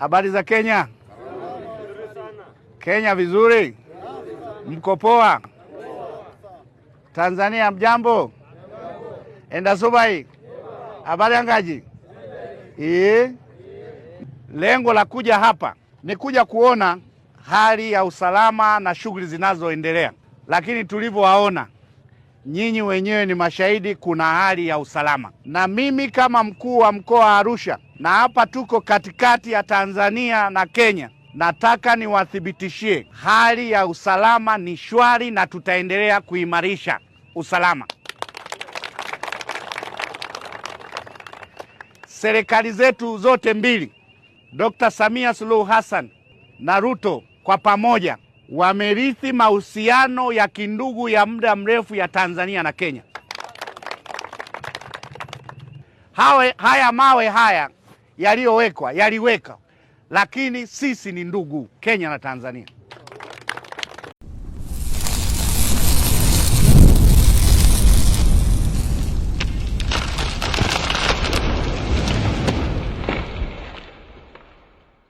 Habari za Kenya? Kenya vizuri? Mko poa? Tanzania mjambo? Endasubai? Habari angaji? Ee, lengo la kuja hapa ni kuja kuona hali ya usalama na shughuli zinazoendelea, lakini tulivyowaona nyinyi wenyewe ni mashahidi, kuna hali ya usalama. Na mimi kama mkuu wa mkoa wa Arusha, na hapa tuko katikati ya Tanzania na Kenya, nataka niwathibitishie hali ya usalama ni shwari, na tutaendelea kuimarisha usalama. Serikali zetu zote mbili, Dr. Samia Suluhu Hassan na Ruto, kwa pamoja wamerithi mahusiano ya kindugu ya muda mrefu ya Tanzania na Kenya. Hawe, haya mawe haya yaliyowekwa yaliweka, lakini sisi ni ndugu Kenya na Tanzania.